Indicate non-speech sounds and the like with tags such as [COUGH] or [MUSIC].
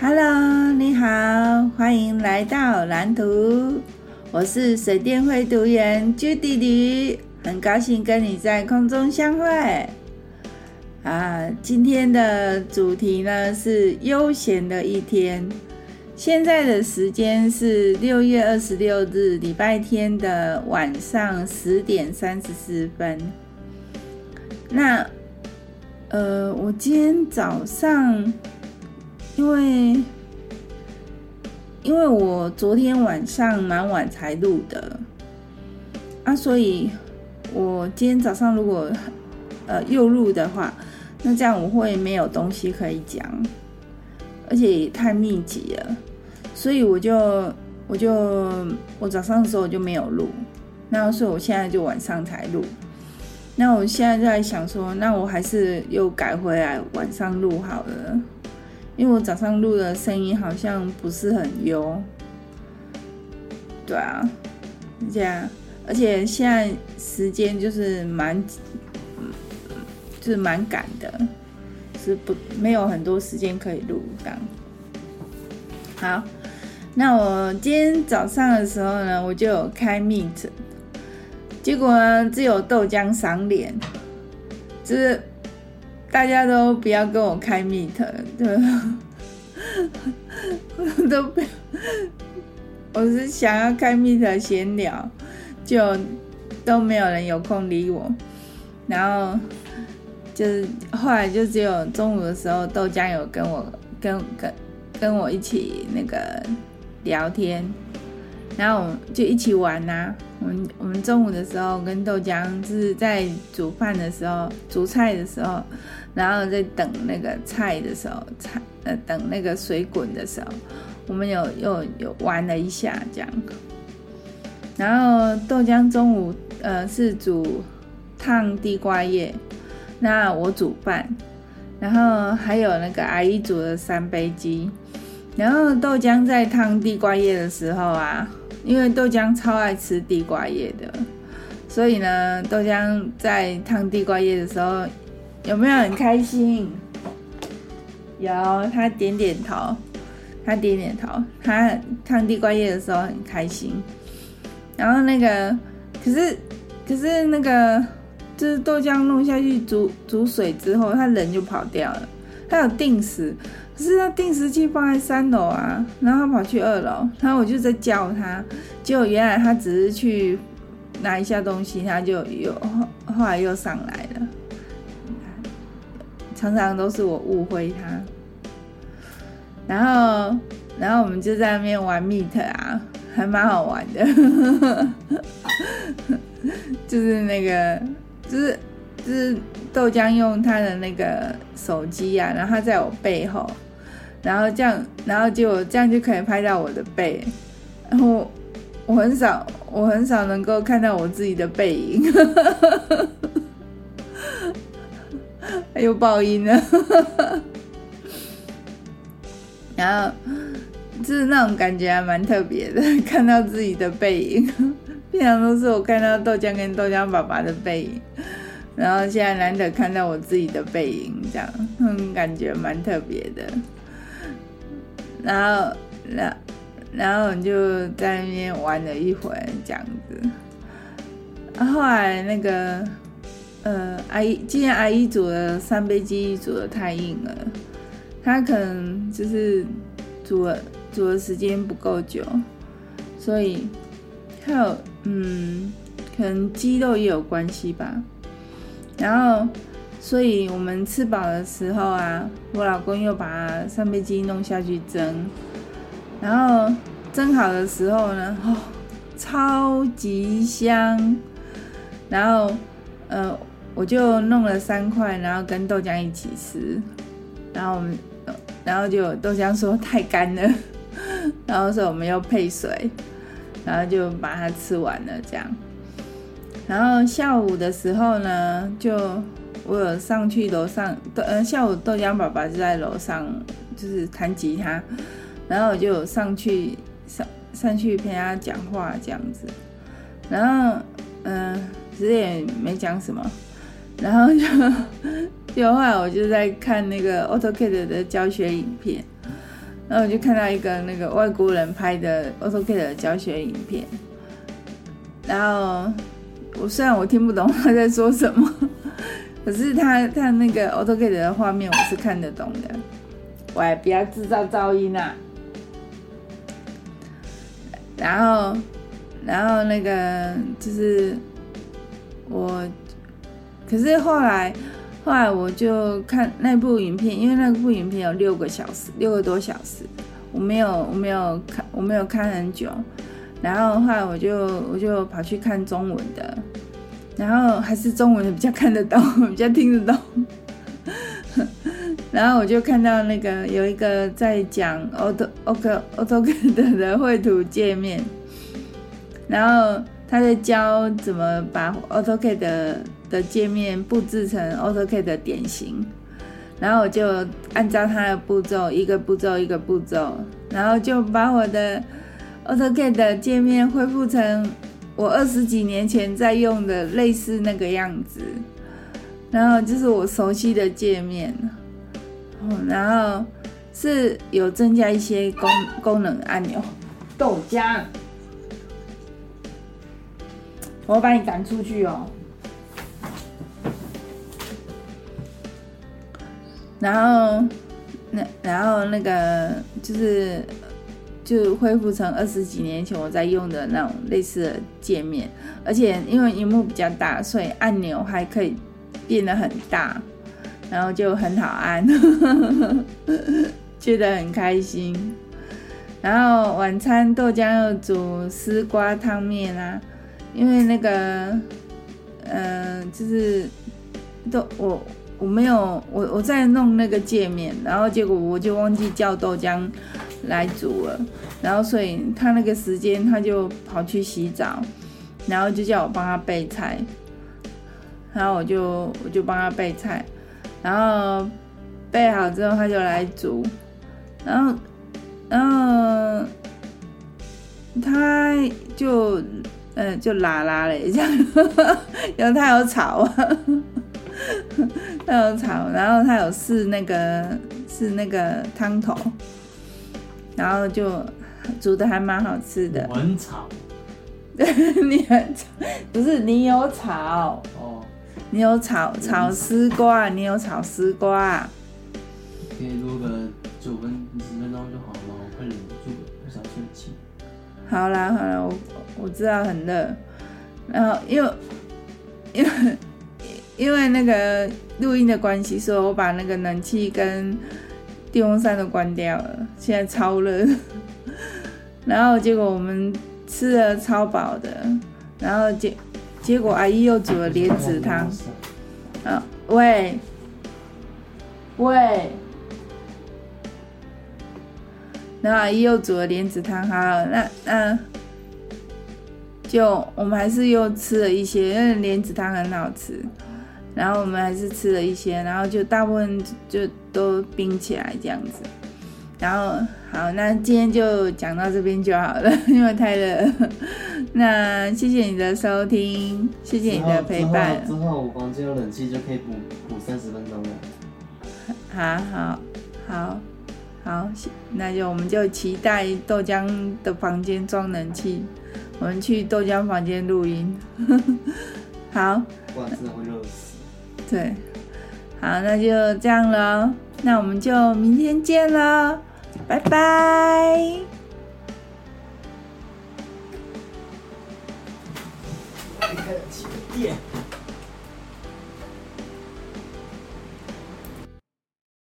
Hello，你好，歡迎來到藍圖。我是水電繪圖員 Judy 盧，很高興跟你在空中相會。啊，今天的主題呢是悠閒的一天。現在的時間是六月二十六日禮拜天的晚上十點三十四分。那，呃，我今天早上。因為，因為我昨天晚上蠻晚才錄的，啊，所以我今天早上如果呃又錄的話，那這樣我會沒有東西可以講，而且也太密集了，所以我就我就我早上的時候我就沒有錄，那所以我現在就晚上才錄，那我現在在想說，那我還是又改回來晚上錄好了。因為我早上錄的聲音好像不是很優，對啊，這樣，而且現在時間就是蠻，就是蠻趕的，是不，沒有很多時間可以錄這樣。好，那我今天早上的時候呢，我就有開 Meet，結果呢，只有豆漿賞臉，就是大家都不要跟我開 Meet 對吧？ [LAUGHS] 都不要，我是想要開 Meet 閒聊，就都沒有人有空理我。然後就是後來就只有中午的時候，豆漿有跟我跟跟跟我一起那個聊天。然後我們就一起玩啊，我們我們中午的時候跟豆漿是在煮飯的時候、煮菜的時候，然後在等那個菜的時候、菜呃等那個水滾的時候，我們有又有，有玩了一下這樣。然後豆漿中午呃是煮燙地瓜葉，那我煮飯，然後還有那個阿姨煮了三杯雞。然後豆漿在燙地瓜葉的時候啊。因為豆漿超愛吃地瓜葉的，所以呢，豆漿在燙地瓜葉的時候有沒有很開心？有，他點點頭，他點點頭，他燙地瓜葉的時候很開心。然後那個，可是可是那個，就是豆漿弄下去煮煮，煮水之後，他人就跑掉了，他有定時。只是他定時器放在三樓啊，然後他跑去二樓，然後我就在叫他，結果原來他只是去拿一下東西，他就又後來又上來了。常常都是我誤會他，然後然後我們就在那邊玩 Meet 啊，還蠻好玩的， [LAUGHS] 就是那個就是就是豆漿用他的那個手機啊，然後他在我背後。然後這樣，然後就，這樣就可以拍到我的背。然後我很少，我很少能夠看到我自己的背影， [LAUGHS] 還有爆音呢。 [LAUGHS] 然後就是那種感覺還蠻特別的，看到自己的背影。平常都是我看到豆漿跟豆漿爸爸的背影，然後現在難得看到我自己的背影，這樣嗯，感覺蠻特別的。然後，然後然後你就在那邊玩了一會兒，這樣子。後來那個，呃，阿姨，今天阿姨煮的三杯雞煮得太硬了，她可能就是煮了煮的時間不夠久，所以還有，嗯，可能雞肉也有關係吧。然後。所以我們吃飽的時候啊，我老公又把三杯雞弄下去蒸，然後蒸好的時候呢，哦、超級香，然後呃，我就弄了三塊，然後跟豆漿一起吃，然後我們，然後就豆漿說太乾了， [LAUGHS] 然後說我們要配水，然後就把它吃完了這樣，然後下午的時候呢，就。我有上去樓上，豆呃下午豆漿爸爸就在樓上，就是彈吉他，然後我就有上去上上去陪他講話這樣子，然後嗯、呃，其實也沒講什麼，然後就就後來我就在看那個 AutoCAD 的教學影片，然後我就看到一個那個外國人拍的 AutoCAD 的教學影片，然後我雖然我聽不懂他在說什麼。可是他他那個 AutoCAD 的畫面我是看得懂的，喂，不要製造噪音啊！然後，然後那個就是我，可是後來後來我就看那部影片，因為那部影片有六個小時六個多小時，我沒有我沒有，我沒有看我沒有看很久，然後後來我就我就跑去看中文的。然後還是中文的比較看得懂，比較聽得懂。 [LAUGHS] 然後我就看到那個有一個在講 Auto Auto AutoCAD 的繪圖界面，然後他在教怎麼把 AutoCAD 的界面布置成 AutoCAD 的典型。然後我就按照他的步驟，一個步驟一個步驟，然後就把我的 AutoCAD 的界面恢復成。我二十幾年前在用的類似那個樣子，然後就是我熟悉的界面，然後是有增加一些功功能按鈕。豆漿，我把你趕出去哦，然後，那然後那個就是。就恢復成二十幾年前我在用的那種類似的界面，而且因為螢幕比較大，所以按鈕還可以變得很大，然後就很好按， [LAUGHS] 覺得很開心。然後晚餐豆漿要煮絲瓜湯麵啦，因為那個，嗯，就是豆我我沒有我我在弄那個界面，然後結果我就忘記叫豆漿。來煮了，然後所以他那個時間他就跑去洗澡，然後就叫我幫他備菜，然後我就我就幫他備菜，然後備好之後他就來煮，然後然後、嗯、他就嗯、呃、就拉拉了一下，然後他有炒，他有炒，然後他有試那個試那個湯頭。然後就煮的還蠻好吃的。文炒草， [LAUGHS] 你很不是你有炒哦，你有炒炒、哦、絲瓜，你有炒絲瓜。可以錄個九分十分鐘就好了，我快忍不住不想吹氣。好啦好啦，我我知道很熱，然後因為因為因為那個錄音的關係，所以我把那個冷氣跟。電風扇都關掉了，現在超熱。 [LAUGHS] 然後結果我們吃的超飽的，然後結結果阿姨又煮了蓮子湯。啊，喂喂，然後阿姨又煮了蓮子湯。好，好，那那就我們還是又吃了一些，因為蓮子湯很好吃。然後我們還是吃了一些，然後就大部分就都冰起來這樣子。然後好，那今天就講到這邊就好了，因為太熱。那謝謝你的收聽，謝謝你的陪伴。之後，之，後之後我房間有冷氣就可以補補三十分鐘了。好好好好，那就我們就期待豆漿的房間裝冷氣。我們去豆漿房間錄音。好，不對，好，那就這樣了，那我們就明天見了，拜拜。